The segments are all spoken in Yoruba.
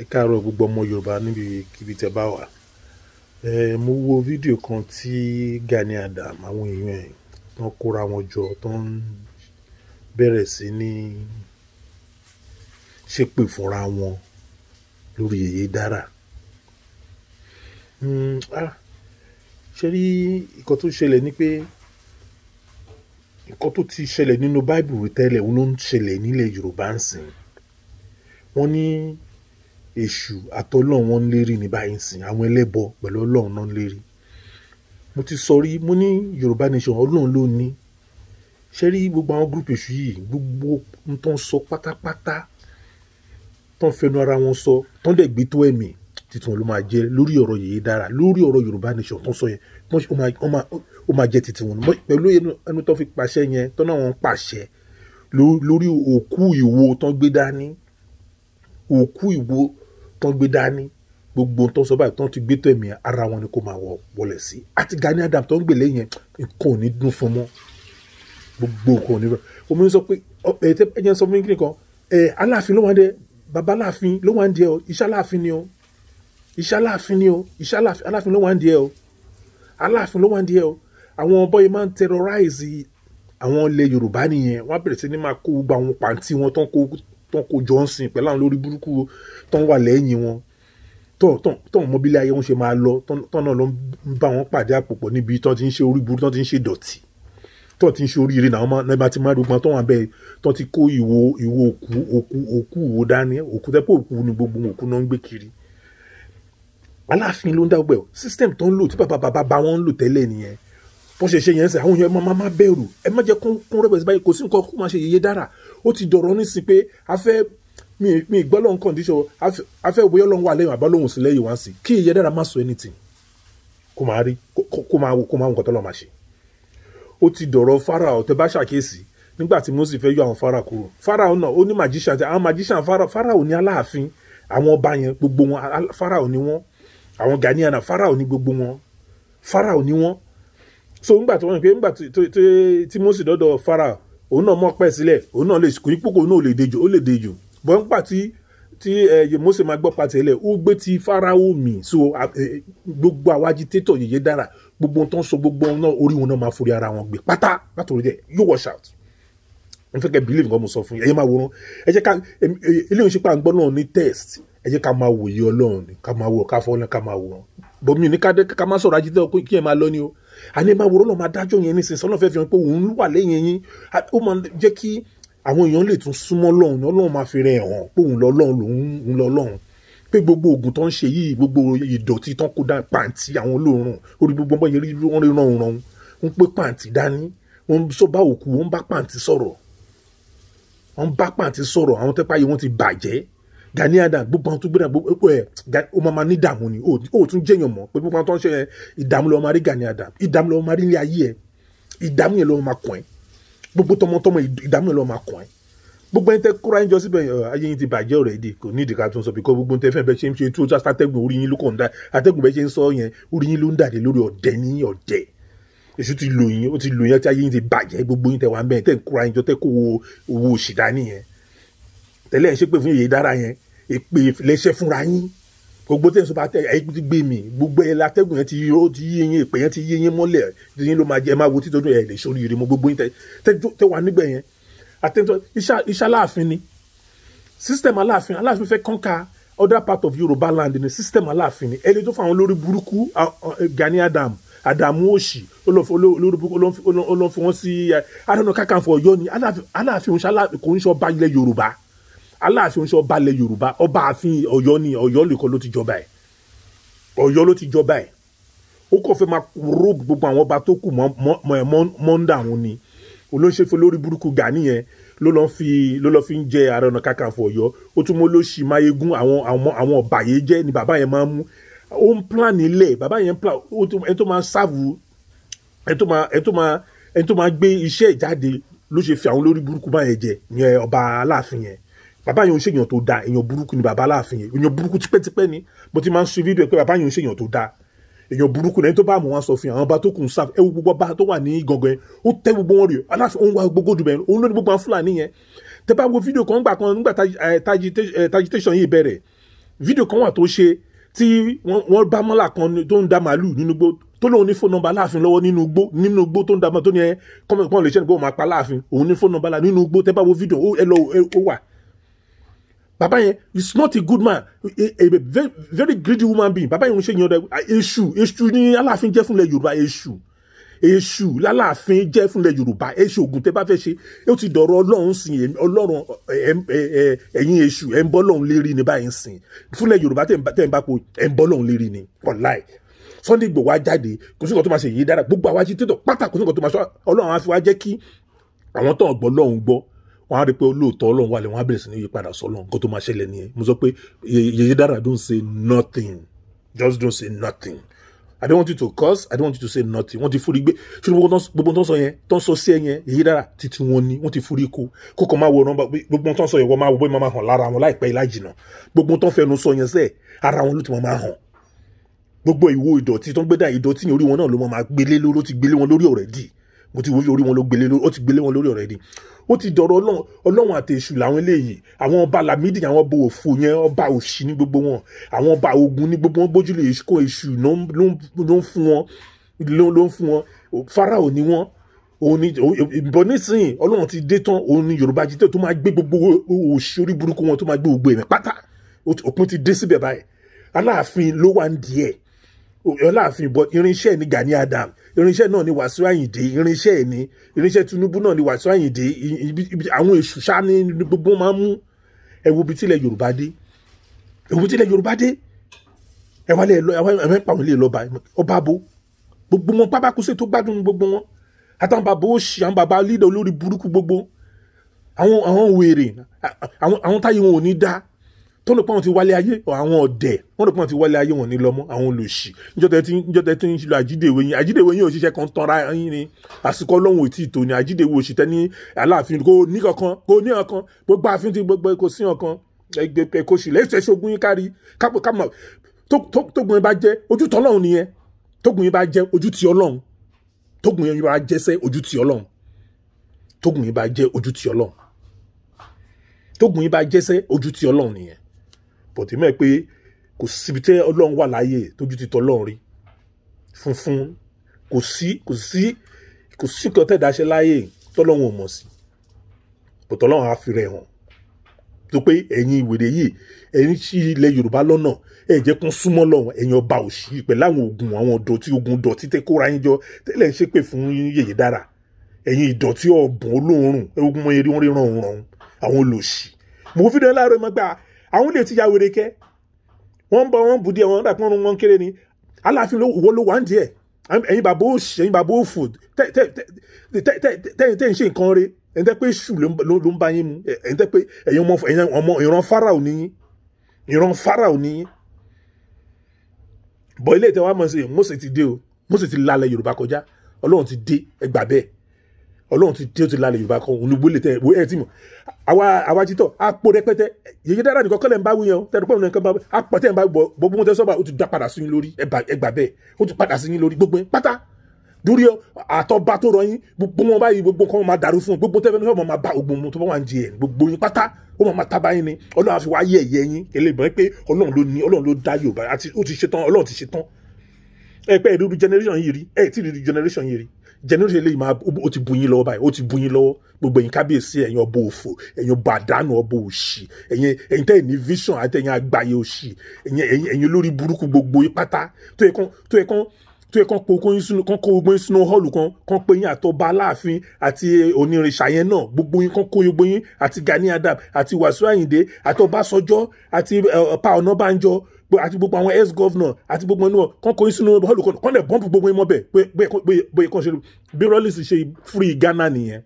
ẹ káàárọ̀ gbogbo ọmọ Yorùbá níbi kíbi tẹ́ bá wà mo wo fídíò kan tí Gani Adam àwọn èèyàn ẹ̀ tán kóra wọn jọ tán bẹ̀rẹ̀ sí ní ṣépè fúnra wọn lórí èyí dára hmm, ṣe rí nǹkan tó ṣẹlẹ̀ ni pé nǹkan tó ti ṣẹlẹ̀ nínú báìbù tẹ́lẹ̀ ló ń ṣẹlẹ̀ nílẹ̀ Yorùbá ń sìn wọ́n ní èṣù àtọ́lọ́run wọn ń lérí ní báyìí sìn àwọn ẹlẹ́bọ pẹ̀lú ọlọ́run náà ń lérí mo ti sọ rí mo ní yorùbá nation ọlọ́run ló ní ṣe rí gbogbo àwọn gúrùpù èṣù yìí gbogbo ń tán sọ pátápátá tán fẹnu ara wọn sọ tán dẹ̀ gbé tó ẹ̀mí titun ló máa jẹ lórí ọ̀rọ̀ yìí dára lórí ọ̀rọ̀ yorùbá nation tán sọ yẹn ó máa jẹ titi wọn pẹ̀lú ẹnu tán fi pàṣẹ yẹn tán náà wọn pàṣẹ lórí òkú ìwo tán gbé dání òkú ìwo tán gbé dání gbogbo tó sọ báyìí tán ti gbé tó ẹ̀mí ara wọn ni kò máa wọ wọlé sí àti Gani adam tó ń gbèlè yẹn nǹkan ò ní dún fún mọ́ gbogbo nǹkan ò ní dún omi sọ pé ẹ tẹ ẹ jẹ́ sọ fún mi nìkan ẹ aláàfin ló wà ń dẹ baba aláàfin ló wà ń dẹ ọ iṣẹ́ aláàfin ni ọ iṣẹ́ aláàfin ni ọ iṣẹ́ aláàfin ló wà ń dẹ ọ aláàfin ló wà ń dẹ ọ àwọn bọ́yì máa ń terrorize àwọn ilẹ̀ Yorùbá nìyẹn wọ́n á bẹ̀rẹ̀ sí ní máa kó gbogbo àwọn pàǹtí wọn tán kó tó ń kó jọ ń sìn pẹ̀lú àwọn lórí burúkú tó ń wà lẹ́yìn wọn tó tó tó ń mọbílẹ̀ ayé wọn ṣe máa lọ tó náà ló ń bá wọn pàdé àpòpọ̀ níbi tó ti ń ṣe orí burúkú tó ti ń ṣe dọ̀tí tó ti ń ṣe oríire náà wọn náà ti máa dùgbọ́n tó wà bẹ́ẹ̀ tó ti kó ìwo ìwo òkú òkú òkú òwò dání òkú tẹ́pọ̀ òkú ni gbogbo òkú náà ń gbé kiri aláàfin ló ń dá gbẹ̀ system tó ń lò tí bàbá bàbá bá wọn ń lò tẹ́lẹ̀ nìyẹn bó ṣe ṣe yẹn sẹ àwọn yẹn máa máa bẹ̀rù ẹ má jẹ́ kún rẹ́pẹ̀sì báyìí kò sí nǹkan kó máa ṣe yeye dára ó ti dọ̀rọ̀ nísìn pé a fẹ́ mi gbọ́ lọ́n kọ́ndíṣọ̀ a fẹ́ bóyá lọ́n wà lẹ́yìn àbá lóhùn sí lẹ́yìn wá kí yeye dára má sọ anything kó máa rí kó máa wò kó máa nǹkan tó lọ́ máa ṣe. ó ti dọ̀rọ̀ fara tẹ́ bá ṣàkíyèsí nígbà tí Mósè fẹ́ yọ àwọn Fáráò kúrò Fáráò náà ó ní magician àwọn magician Fáráò ní aláàfin wọn so ńgbà tó wọ́n pé ńgbà tí Mósè dọ́dọ̀ Fáráò òun náà mọ̀ pẹ́ sílẹ̀ òun náà lè kò ní pòkò òun náà lè dejò ó lè dejò bọ́ ńgbà tí tí ẹyẹ Mósè máa gbọ́ pàtẹ́ lẹ̀ ó gbé ti Fáráò mì so gbogbo àwọn agitator yìí dára gbogbo tó ń sọ gbogbo náà orí wọn náà máa forí ara wọn gbé pátá látòrí dẹ yóò wash out n fẹ́ kẹ́ believe nǹkan mo sọ fún yín ẹ̀yẹ́ máa wòran ẹ jẹ́ ká ilé ìṣe pa àgbọ̀n náà ní test ẹ jẹ́ ká máa wòye ọlọ́run ká máa wò ká fọ́ ká máa wòran bọ́mí ní ká máa sọ̀rọ̀ ajídẹ́ kí ẹ máa lọ ni o àní máa wòrán lọ́ọ́ máa dájọ́ yẹn nísinsìnyí sọ́nà fẹ́ fi hàn pé òun wà lẹ́yìn yín ó máa jẹ́ kí àwọn èèyàn lè tún súnmọ́ lọ́hùn náà lọ́hùn máa fi rẹ̀ hàn pé òun lọ lọ́hùn lòun lọ lọ́hùn pé gbogbo oògùn tó ń ṣe yìí gbogbo ìdọ̀tí tó ń kó dá pàǹtí àwọn olóòórùn orí gbogbo ọmọ yẹn rí wọn rí ràn ràn ń pé pàǹtí dání wọn sọ bá òkú wọn bá pàǹtí sọ̀rọ̀ wọn bá pàǹtí sọ̀rọ̀ àwọn tẹ́pá yìí ti bàjẹ́ Gani Adams gbogbo àwọn tó gbéra gbogbo ẹ o máa ní ìdààmú ni o tún jẹyàn mọ pé gbogbo àwọn tó ń ṣe yẹn ìdààmú lọ́wọ́ máa rí Gani Adams ìdààmú lọ́wọ́ máa rí ilé ayé ẹ ìdààmú yẹn lọ́wọ́ máa kàn ẹ́ gbogbo tọmọtọmọ ìdààmú yẹn lọ́wọ́ máa kàn ẹ́ gbogbo ẹni tẹ kóra ẹni jọ síbẹ̀ ayé yín ti bàjẹ́ already kò ní ìdíkà tó ń sọ bí kò gbogbo tẹ fẹ́ bẹ ṣe ń ṣe tó atẹ́gùn orí yín ló kàn ń da atẹ́gùn bẹ ṣe ń sọ yẹn orí yín ló ń dàdé lórí ọ̀dẹ ní ọ̀dẹ èṣù ti lò yín ó ti lò yín tí ayé yín ti bàjẹ́ gbogbo yín tẹ wà ń bẹ̀ tẹ kóra ẹni jọ tẹ kó owó òṣì dání tẹ́lẹ̀ ń ṣépè fún Yèyé Dára yẹn èpè lẹ́sẹ̀ fúnra yín gbogbo tẹ̀sán bá tẹ̀ ẹ́ ti gbé mi gbogbo ẹ̀ látẹ́gùn yẹn ti yó ti yé yín èpè yẹn ti yé yín mọ́lẹ̀ ti yín ló máa jẹ ẹ máa wo títọ́jú ẹ̀ lè sórí ire mọ́ gbogbo yín tẹ́ wà nígbẹ̀ yẹn àtẹ̀tọ́ iṣẹ́ aláàfin ni system aláàfin aláàfin fẹ́ kọ́ńkà other part of Yorùbá land ni system aláàfin ni ẹni tó fún àwọn olórí burúkú Gani Adam Adamu Oṣì olórí burúkú olóńfi wọn sí Adana Kakanfò Ọ̀yọ́ ni aláàfin kò ń ṣe ọba ilẹ̀ Yorùbá aláàfin oṣù ọba ilẹ̀ yorùbá ọba àfin ọ̀yọ́ ni ọ̀yọ́ nìkan ló ti jọba ẹ̀ ọ̀yọ́ ló ti jọba ẹ̀ ó kàn fẹ́ máa ró gbogbo àwọn ọba tó kù mọ́ndà wọn ni olóńṣẹ́fẹ́ lórí burúkú Gani yẹn ló lọ́ fi ló lọ́ fi ń jẹ Ààrẹ Ọ̀nà Kakanfò ọ̀yọ́ ó tún mọ́ lóṣì máyégún àwọn àwọn àwọn ọ̀bàyéjẹ́ ni bàbá yẹn máa ń mú ó ń plan nílẹ̀ bàbá yẹn ń plan ẹ tó máa ń sáàbù ẹ tó máa ẹ tó máa ẹ tó máa gbé iṣẹ́ ìjáde ló ṣe fi àwọn lórí burúkú báyẹn jẹ yẹn ọba Aláàfin yẹn baba yẹn ò ń ṣèyàn tó dáa èèyàn burúkú ni bàbá aláàfin yẹn èèyàn burúkú tipẹ́tipẹ́ ni mo ti máa ń ṣe fídíò ẹ pé bàbá yẹn ò ń ṣèyàn tó dáa èèyàn burúkú náà ẹni tó bá mọ̀ wọn sọ fún yàn àwọn ọba tó kùn sáf ẹwù gbogbo ọba tó wà ní gangan yẹn ó tẹ gbogbo wọn rè aláàfin òun wà gbogbo dùbẹ̀ òun ló ní gbogbo àwọn fúlàní yẹn tẹ bá wo fídíò kan gbà kan nígbà tajitation yìí bẹ̀rẹ̀ fídíò kan wà tó ṣe tí wọ́n bá mọ́là kan tó ń da màálù nínú igbó tó lóun ní fóònù nọ́mbà aláàfin lọ́wọ́ nínú igbó nínú igbó tó ń da màálù tó ní ẹ kọ́mọ̀ lè ṣẹ́ni pé òun máa pa aláàfin òun ní fóònù nọ́mbà nínú igbó tẹ bá wo fídíò ẹ lọ ó wà bàbá yẹn is not a good man a, a, a very, very greedy woman being bàbá yẹn ń ṣe yan ọdọ èṣù èṣù ni aláàfin jẹ́ fúnlẹ̀ yorùbá èṣù èṣù lálàáfin jẹ́ fúnlẹ̀ yorùbá èṣù ogun tẹ́ bá fẹ́ ṣe ó ti dọ̀rọ̀ ọlọ́run sìn ọlọ́run ẹ̀yin èṣù ẹ̀ ń bọ́ lọ́run lérí ni báyìí sìn fúnlẹ̀ yorùbá tẹ̀ ń bá po ẹ̀ ń bọ́ lọ́run lérí ni wàláì Sunday Igboho á jáde kò sí nǹkan tó máa ṣe yìí dára gbogbo àwa ajítétọ̀ pátá kò sí nǹkan tó máa ṣe ọlọ́run á fi wá kí àwọn tó ń gbọ́ lọ́run wọ́n á rí pé olóòótọ́ ọlọ́run wà lẹ̀ wọ́n á bẹ̀rẹ̀ sí ní yípadà sọ́lọ́run nǹkan tó máa ṣẹlẹ̀ nìyẹn mo sọ pé yèyé dára don't say nothing just don't say nothing i don't want you to curse i don't want you to say nothing wọ́n ti fúri gbé ṣùgbọ́n gbogbo tó ń sọ yẹn tó ń sọ sí ẹ yẹn yèyé dára títí wọn ni wọ́n ti fúri kó kókò máa wo nọ́mbà gbogbo tó ń sọ yẹn wọ́n máa wo bóyá máa hàn lára wọn láìpẹ́ lájìnà gbogbo tó ń fẹnu sọ yẹn sẹ́ẹ̀ ara wọn ló ti máa hàn gbogbo ìwo ìdọ̀tí tó ń gbé dá ìdọ̀tí yẹn orí wọn náà ló máa gbélé ló ti gbélé wọn lórí ọ̀rẹ́ mo ti wòye orí wọn ló gbélé ó ti gbélé wọn lórí ọ̀rẹ́ ni ó ti dọ̀rọ̀ ọlọ́run àti èṣù làwọn eléyìí àwọn ọba lamidi àwọn ọba òfò yẹn ọba òṣì ní gbogbo wọn àwọn ọba ogun ní gbogbo wọn gbójúlé èṣù kó èṣù ló ń fún wọn ló ń fún wọn farao ni wọn òun ni ìbọn nísìnyí ọlọ́run ti dé tán òun ni yorùbá jíjẹ́ tó máa gbé gbogbo òṣì orí burúkú wọn tó máa gbé gbogbo ẹ̀mí pátá òpin ti dé síbẹ̀ báyìí aláàfin ló wà ń di ẹ̀ aláàfin irinṣẹ́ ni Gani Adam irinṣẹ́ náà ni Wàsíù Àyìndé irinṣẹ́ ẹ̀ ni irinṣẹ́ Tinubu náà ni Wàsíù Àyìndé àwọn èṣù ṣá ni gbogbo máa ń mú ẹ wo ibi tílẹ̀ Yorùbá dé ẹ wo ibi tílẹ̀ Yorùbá dé ẹ wá lé ẹ lọ ẹ wá ẹ pàwọn ilé lọ́ba ọba bo gbogbo wọn pábákúsẹ tó gbádùn gbogbo wọn àtàwọn bàbá òṣì àwọn bàbá lídà olórí burúkú gbogbo àwọn àwọn wèrè àwọn táyé wọn ò ní dáa tó lò pé àwọn ti wálé ayé àwọn ọ̀dẹ̀ wọ́n lò pé àwọn ti wálé ayé wọn ní lọ́mọ́ àwọn olùsì níjọ́tẹ̀ tí ń lo àjídèwé yín àjídèwé yín òṣìṣẹ́ kan tanra yín ni àsìkò ọlọ́run ò tí ì tó ni àjídèwé òṣìṣẹ́ ní aláàfin kò ní kankan kò ní kankan gbogbo àfin ti gbogbo kò sí kankan ẹgbẹ́ kò sì lẹ́sẹ̀ ṣogun yín kárí kápò kámà tógun yín bá jẹ́ ojú tọ́lọ́run nìyẹn tógun yín bá jẹ́ ojú ti ọlọ́run tógun yín bá jẹ́ sẹ́ ojú ti ọlọ́run tógun yín bá jẹ́ ojú ti ọlọ́run tógun yín bá jẹ́ sẹ́ ojú ti ọlọ́run nìyẹn but èmi ẹ̀ pé kò síbi tẹ́ ọlọ́run wà láyé tójú ti tọ́ ọlọ́run rí funfun kò sí kò sí kò sí kan tẹ́ dáṣẹ́ láyé tọ́lọ́run ò mọ̀ sí but ọlọ́run á fi rẹ̀ hàn tó pé ẹ̀yin ìwèrè yìí ẹ̀yin sí ilẹ̀ yorùbá lọ́nà ẹ̀ jẹ́ kó súnmọ́ lọ́wọ́ ẹ̀yin ọba òṣì pẹ̀lú àwọn ogun àwọn ọ̀dọ̀tí ogun ọ̀dọ̀tí tẹ́ kóra yín jọ tẹ́lẹ̀ ń ṣépè fún yèyé dára ẹ̀yin ìdọ̀tí ọ̀bùn olóòórùn ogun mọ eré wọn ríran òun àwọn olòṣì mo fi dán láàárọ̀ mọ́gbà àwọn lè ti ya wèrè kẹ́ wọ́n ń bọ̀ wọ́n bù díẹ̀ wọ́n dà pọ́n wọn kéré ni aláàfin wo ló wà ń díẹ̀ ẹ̀yin bàbá òṣì ẹ̀yin bàbá òfò tẹ́yìn ṣe nǹkan rẹ̀ ẹ̀yin tẹ́ pé ṣù ló ń bá yín mu ẹ̀yin tẹ́ pé ẹ̀yin ọmọ ìran Fáráò níyín ìran Fáráò níyín bọ̀ ilé ìtẹ́wàá mọ̀ sí Mósè ti dé o Mósè ti lálẹ̀ Yorùbá kọjá Ọlọ́run ti dé ẹgbà bẹ́ẹ̀ ọlọ́run ti tí ó ti lálẹ́ yorùbá kan òun ló gbólé tẹ ẹ ti mọ̀ àwa àwa jítọ̀ àpò rẹpẹtẹ yèyé dára nìkan kọ́lẹ̀ ń bá wíyan tẹ̀rù pẹ̀lú nǹkan àpò tẹ̀ ń bá bọ̀ gbogbo tẹ sọ́ba ó ti dá padà sí yín lórí ẹgbà bẹ́ẹ̀ ó ti padà sí yín lórí gbogbo yín pátá dúrí àtọ́ba tó rọ yín gbogbo wọn báyìí gbogbo kan máa dàrú fún gbogbo tẹ́fẹ́ nífẹ̀ẹ́ máa bá ogun mu tó bá wà ń jẹ ẹ̀ gbogbo yín pátá ó máa tábà yín ni ọlọ́run àfi wá yẹ ẹ̀yẹ yín ẹlẹ́gbọ̀n pé ọlọ́run ló ní ọlọ́run ló dá yorùbá àti ó ti ṣetán ọlọ́run ti ṣetán ẹ pé ìrírí generation yìí rí ẹ ti rírí generation yìí rí generation eléyìí máa o ti buyin lọ́wọ́ báyìí o ti buyin lọ́wọ́ gbogbo ẹ̀yin kábíyèsí ẹ̀yin ọba òfò ẹ̀yin ọba àdánù ọba òṣì ẹ̀yin ẹ̀yin tẹ́yìn ní vision àti ẹ̀yin àgbáyé òṣì ẹ̀yin ẹ̀yin olórí burúkú gbogbo yìí pátá tó yẹ kán tó yẹ kán tó yẹ kán po kó sínú kán kó gbóyin sínú họ́ọ̀lù kan kán pé yín àtọba aláàfin àti onírìnṣà yẹn náà gbogbo yín kán kó gbogbo yín àti Gani Adams àti Wàsíù Àyìndé àti Ọbásanjọ́ àti Pa Ọ̀nàbànjọ àti gbogbo àwọn ex governor àti gbogbo ẹnu wọn kán kó yín sínú họ́ọ̀lù kan kán lè bọ́ǹpù gbogbo yín mọ́bẹ̀ bóyá kán ṣe bí Rawlings ṣe free Ghana nìyẹn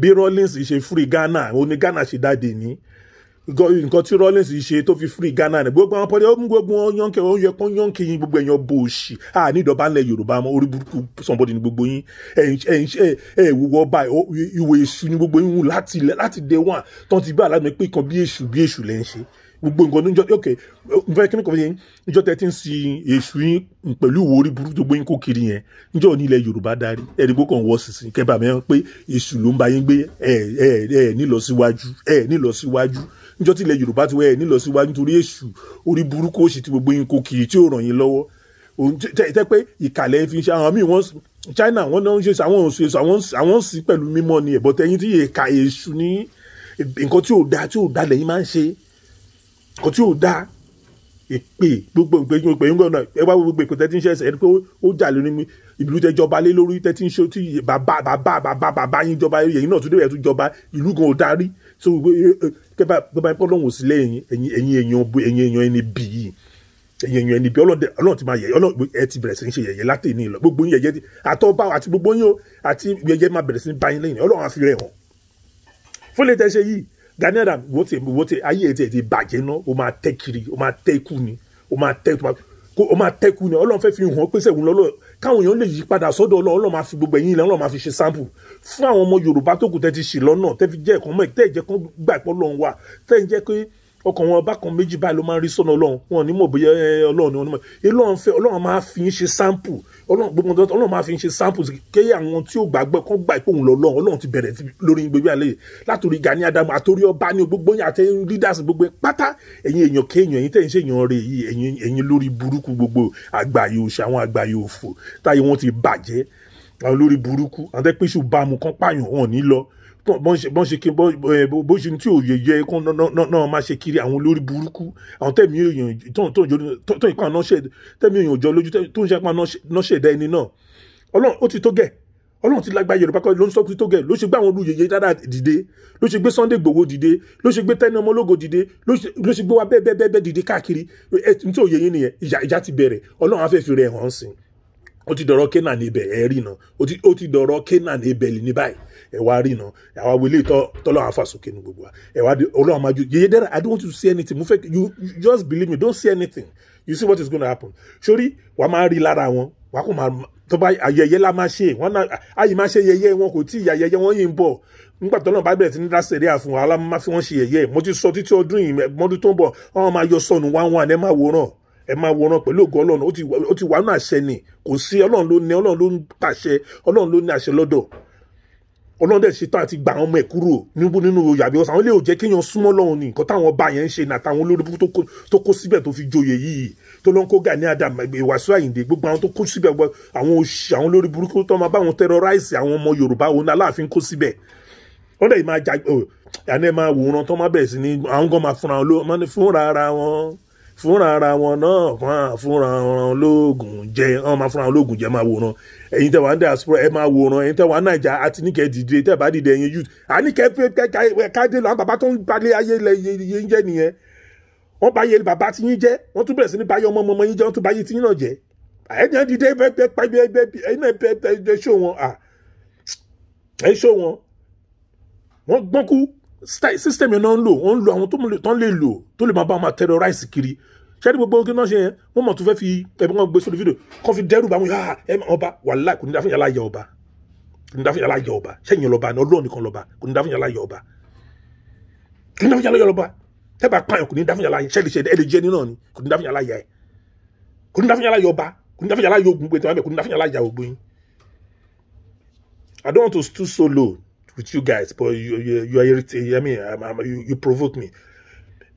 bí Rawlings ṣe free Ghana òun ni Ghana ṣe dáde ní nǹkan tí Rawlings ṣe tó fi free Ghana ni gbogbo àwọn pọ́lẹ́ ó ń gbogbo wọn yànkẹ́ ó yẹ kán yànkẹ́ yín gbogbo ẹ̀yàn bò ṣì à ní ìdọ̀bá ńlẹ̀ Yorùbá mọ́ orí burúkú somebody ni gbogbo yín ẹ̀ ẹ̀ wúwọ́ báyìí ìwé èṣù ni gbogbo yín wù láti láti day one tán ti bá aláàmì pé kan bí èṣù bí èṣù lẹ́ ń ṣe gbogbo nǹkan ní ìjọ ok nfa kí ni kò fi yẹn ìjọ tẹ ti ń sin èṣù yín pẹ̀lú ìwò orí burúkú gbogbo yín kó kiri yẹn níjọ ní ilẹ̀ Yorùbá darí ẹ̀ẹ́dìgbò kan wọ́ sísìn kẹ́bà mẹ́rin pé èṣù ló ń bá yín gbé ẹ̀ ẹ̀ ẹ̀ nílọsíwájú ẹ̀ nílọsíwájú níjọ́ tí ilẹ̀ Yorùbá ti wẹ̀ ẹ̀ nílọsíwájú nítorí èṣù orí burúkú òṣì tí gbogbo yín kò kì í tí ò ràn yín lọ́wọ́ tẹ́ pé ìkàlẹ̀ fi ṣe àwọn míì wọ́n China wọ́n náà ń ṣe àwọn òṣè àwọn ń sí pẹ̀lú mímọ́ ni ẹ̀bọ̀ tẹ́yìn tí èka èṣù ní nǹkan tí ò da tí ò da lẹ́yìn máa ń ṣe nǹkan tí ò da èpè gbogbo ìgbẹ́yìn ìgbẹ́yìn gbọ́dọ̀ ẹ wá gbogbo ìpè tẹ́tí ń ṣe ẹ̀sẹ̀ ẹni pé ó jà lórí mi ìlú tẹ jọba lé lórí tẹ́tí ń ṣe tí bàbá bàbá bàbá yín jọba yẹ̀yìn náà tún débẹ̀ tún jọba ìlú gan ò darí so kẹba kẹba ẹpọ lọhùn sí lẹ́yìn ẹ̀yin ẹ̀yin èèyàn bu ẹ̀yin èèyàn ẹni bì yìí ẹ̀yin èèyàn ẹni bì ọlọ́dẹ ọlọ́run ti máa yẹ̀yẹ́ ọlọ́run ẹ ti bẹ̀rẹ̀ sí ní ṣe yẹ̀yẹ́ láti ní ìlọ gbogbo yín yẹ̀yẹ́ àtọ́bá àti gbogbo yín o àti yẹ̀yẹ́ máa bẹ̀rẹ̀ sí ní báyìí lẹ́yìn ọlọ́run àfi rẹ̀ hàn fún lè tẹ́ ṣe yìí Gani Adams wo ti wo ti ayé ẹ̀ ti bàjẹ́ náà o máa tẹ́ kiri o máa tẹ́ ikú ni o máa tẹ́ o máa tẹ́ ikú ni ọlọ́run fẹ́ fi hàn pé sẹ́wọ̀n lọ́lọ́run káwọn èèyàn lè yí padà sọ́dọ̀ Ọlọ́run Ọlọ́run máa fi gbogbo ẹ̀yìn ilẹ̀ Ọlọ́run máa fi ṣe sample fún àwọn ọmọ Yorùbá tó kù tẹ́ ti ṣì lọ́nà tẹ́ fi jẹ́ ẹ̀kọ́ mọ́ tẹ́ jẹ́ kó gbà pé Ọlọ́run wà tẹ́ ń jẹ́ pé ọkàn wọn bákan méjì báyìí ló máa ń rí sọ́nà ọlọ́run wọn ní mọ̀ bóyá eh, ọlọ́run ni wọn ní mọ̀ ọlọ́run fẹ́ ọlọ́run máa fi ń ṣe sample ọlọ́run gbogbo ọdún ọlọ́run máa fi ń ṣe sample kéyà àwọn tí ó gbàgbọ́ kán gbà ìpòhùn lọ́lọ́run ọlọ́run ti bẹ̀rẹ̀ lórí gbogbo àlẹ́ látòrí Gani Adams àtòrí ọba ní gbogbo yín àti leaders gbogbo pátá ẹ̀yin èèyàn kéèyàn ẹ̀yin tẹ̀yìn ṣèyàn rè yìí ẹ̀yin ẹ̀yin lórí burúkú gbogbo àgbáyé òṣè àwọn àgbáyé òfò táyé wọn ti bàjẹ́ àwọn lórí burúkú àwọn tẹ́ pé ṣùgbọ́n àmú kan pààyàn wọn ò ní lọ bọ́n ṣe kí eh, bó ṣe tí òye yẹ kó náà máa ṣe kiri àwọn olórí burúkú àwọn tẹ̀mí èèyàn tó ń pa náà ṣe tẹ̀mí èèyàn òjọ lójú tó ń ṣe pa náà ṣe ẹ̀dá ẹni náà ọlọ́run ó ti tó gẹ̀ ọlọ́run ti lágbá yorùbá kọ́ ló ń sọ pé tó gẹ̀ ló ṣe gbé àwọn olùyẹyẹ dáadáa dìde ló ṣe gbé Sunday Igboho dìde ló ṣe gbé Tẹ́ni Ọmọlógo dìde ló ṣe gbé wa bẹ́ẹ̀ bẹ́ẹ̀ bẹ́ẹ̀ dìde káàkiri tí òye yín nìyẹn ìjà ti bẹ̀rẹ̀ ọlọ́run á fẹ́ fi rẹ̀ hàn sí i ó ti dọ̀rọ̀ Kénà níbẹ̀ ẹ̀rí náà ó ti dọ̀rọ̀ Kénà níbẹ̀ ní báyìí ẹ wá rí iná ẹ wá wọlé tọ́lọ́ àwọn afàsókè ní gbogbo wa ẹ wá ọlọ́run máa ju yeye dẹ́ra i don't want you to see anything mo fẹ́ you just believe me don't see anything you see what is gonna happen sórí wà á máa rí lára wọn wà á kò máa tó bá ayẹyẹ la máa ṣe wọn náà ayé máa ṣe yẹyẹ wọn kò tí ì yàyẹyẹ wọn yìí ń bọ̀ nígbà tó náà bá bẹ̀rẹ̀ sí ní dáṣẹ̀ rí àfún wa aláma fi wọ́n ṣe yẹyẹ mo ti sọ títí ọdún yìí mọ́dún tó ń bọ̀ wọ́n máa yọ sọnù wá wọn ẹ máa wòran ẹ máa wòran pẹ̀lú ògo ọlọ́run ó ti wà nù àṣẹ ni kò sí ọlọ́run ló ní ọlọ́run ló ń pàṣẹ ọlọ́run ló ní àṣẹ lọ́dọ̀ ọlọ́dẹ̀ ṣetán àti gbà àwọn ọmọ ẹ̀ kúrò níbo nínú oyè àbí ọ̀sán àwọn ilé ò jẹ́ kéèyàn súnmọ́ lọ́hùn ní nǹkan táwọn ọba yẹn ń ṣe nàtàwọn olórí tó kó síbẹ̀ tó fi joyè yìí tó ló ń kó Gani Adam Wasiu Ayinde gbogbo àwọn tó kó síbẹ̀ àwọn òṣì àwọn olórí burúkú tó máa bá wọn tẹrọráìsì àwọn ọmọ Yorùbá òun náà láàfin kó síbẹ̀ wọ́n dẹ̀ máa jà ẹ̀ ẹ̀ máa wòran tó máa bẹ̀rẹ̀ sí ni àwọn gan máa fúnra wọn fúnra ara wọn náà kàn fúnra wọn lóògùn jẹ wọn máa fúnra wọn lóògùn jẹ máa wòran ẹ̀yin tẹ́ wà ní diaspora ẹ máa wòran ẹ̀yin tẹ́ wà ní naija àti níkẹ́ dìde tẹ́ bá dìde ẹ̀yin youth àníkẹ́ káde lọ àwọn bàbá tó ń balẹ̀ ayé yẹn jẹ́ nìyẹn wọ́n bá yẹ bàbá tí yín jẹ́ wọ́n tún bẹ̀rẹ̀ sí ní báyé ọmọ ọmọ yín jẹ́ wọ́n tún báyé tí yín náà jẹ́ ẹ̀yin dìde ẹ̀ ṣó wọn wọ́n gbọ́n kú system yẹn náà ń lò wọ́n ń lo àwọn tó lè lò tó lè máa bá wọn máa terrorize kiri ṣé ní gbogbo kí ṣe yẹn wọ́n mọ̀ tó fẹ́ fi ẹ̀bùn kan gbé sórí fídíò kọ́ fi dẹ́rù bá wọn yá ah, ẹ ọba wàhálà kò ní dáfún yàrá yà ọba kò ní dáfún yàrá yà ọba ṣẹ́yìn lọ́ba ni ọlọ́ọ̀ nìkan lọ́ba kò ní dáfún yàrá yà ọba kò ní dáfún yàrá yà ọba tẹ́ pààyàn kò ní dáfún yàrá yà ṣẹ́lẹ̀ ṣẹ́lẹ̀ ẹ̀ I don't want to stoop so low with you guys but you you you are irritating. i mean I'm, I'm, you you provoke me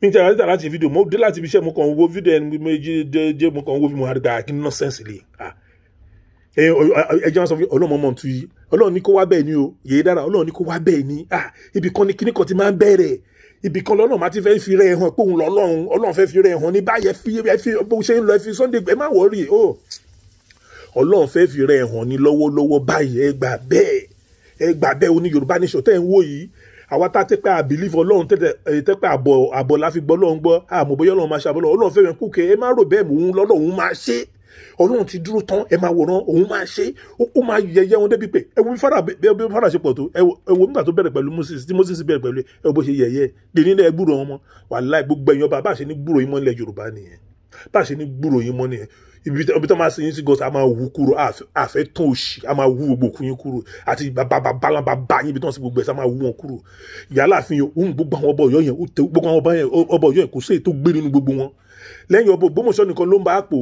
mi ti àwọn ìtàn láti fídíò mo dé láti fi iṣẹ́ mo kàn wo fídíò ẹni mo jẹ jẹ mo kàn wo fídíò mo àdìgbà ah, kí nọ́sẹ̀nsì lè ah ẹjẹ wọn sọ fún ọlọ́run ọmọ ntú yìí ọlọ́run ní kó wá bẹ́ẹ̀ ni o yèé dára ọlọ́run ní kó wá bẹ́ẹ̀ ni ah ibì kan ní kíní kan ti máa ń bẹ̀rẹ̀ ibì kan lọ́nà máa ti fẹ́ fi rẹ̀ hàn pé òun lọ́lọ́run ọlọ́run fẹ́ fi rẹ̀ hàn ní báyẹn ẹ fi ẹ fi Sunday gbàdẹ oní yorùbá nation tẹ́ ń wò yìí àwa tá a tẹ́ pé a believe ọlọ́run tẹ́ pé àbọ̀ àbọ̀ la fi gbọ́ ọlọ́run gbọ́ àmọ́ bóyá ọlọ́run máa ṣe àbọ̀ ọlọ́run fẹ́ràn kúkẹ́ ẹ má rò bẹ́ẹ̀ mò ń lọ́lọ́ òun máa ṣe ọlọ́run ti dúró tán ẹ máa wòran òun máa ṣe ó máa yẹyẹ wọn débi pé ẹ wo bí fara ṣe pọ̀ tó ẹ wo nígbà tó bẹ̀rẹ̀ pẹ̀lú Moses tí Moses bẹ̀rẹ̀ pẹ̀lú ẹ wo bó ṣe yẹyẹ dèní náà ẹ gbúrò wọn mọ́ wàláì gbogbo ẹ̀yàn bàbá àṣẹ ní gbúrò yín mọ́ ilẹ̀ Yorùbá nìyẹn bá a ṣe ní gbúrò yín mọ́ nìyẹn ibi tó máa sin yín sí gọ́sà a máa wú kúrò àfẹ́ tán òṣì a máa wú gbogbo òkú yín kúrò àti bàbá bá yín ibi tó ń sin gbogbo ẹ̀ sá máa wú wọn kúrò ìyálà àfin òun gbogbo àwọn ọba Ọ̀yọ́ yẹn gbogbo àwọn ọba Ọ̀yọ́ yẹn kò sí èyí tó gbé nínú gbogbo wọn lẹ́yìn ọba Ògbómọ̀ṣọ́ nìkan ló ń bá àpò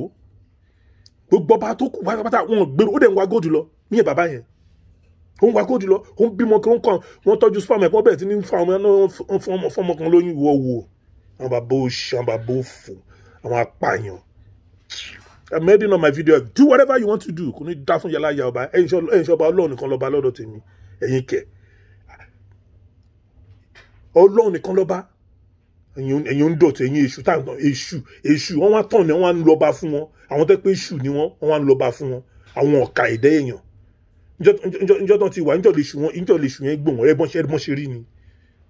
gbogbo ọba tó kù pátápátá wọn gbèrò ó dẹ̀ ń wa góòdù lọ níyẹn bàbá yẹn òun wa góòdù lọ òun bímọ kí wọn kàn wọn tọ́jú sperm ẹ̀pọ́n bẹ̀rẹ̀ tí ní fún ọmọ kan lóyún wọ́wọ́ àwọn bàbá òṣì àwọn bàbá òfò àwọn apààyàn I'm ending on my video do whatever you want to do kò ní dá fún yàrá ìyá ọba ẹ̀yin ṣọba ọlọ́run nìkan lọ́ba lọ́dọ̀ tèmi ẹ̀yin kẹ̀ ọlọ́run nìkan lọ́ba ẹ̀yin ń dọ̀tí ẹ̀yin èṣù táwọn èṣù èṣù wọ́n wá tàn ní wọ́n á ń lọ́ba fún wọn àwọn tẹ́ pé èṣù ni wọ́n wọ́n á ń lọ́ba fún wọn àwọn ọ̀ka ẹ̀dẹ́ èèyàn njọ́ tán ti wà njọ́ lè ṣù wọn njọ́ lè ṣù yẹn gbòmọ̀ ẹ̀bọ́n ṣe rí ni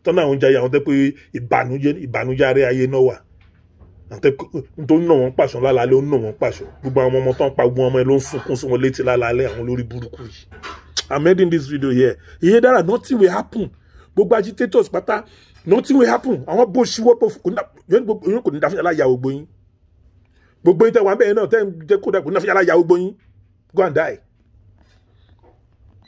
tọ́nà àwọn jayé àwọn tẹ́ pé ìbànújẹ́ ìbànújẹ́ arẹ́ ayé náà wà tó ń nà wọ́n pàṣọ lálálẹ́ ó ń nà wọ́n pàṣọ gbogbo àwọn ọmọ tó ń pa gbogbo ọmọ ẹ ló ń sunkún sí létí lálálẹ́ àwọn olórí burúkú yìí i'm ending this video here iye dára nothing will happen gbogbo agitators pátá nothing will happen àwọn bó ṣíwọ́ bó kò ní dáfíà láyà gbogbo yín gbogbo yín tẹ wà bẹ́ẹ̀ náà tẹ́ ń jẹ́ kó dà kò ní dáfíà láyà gbogbo yín go and die.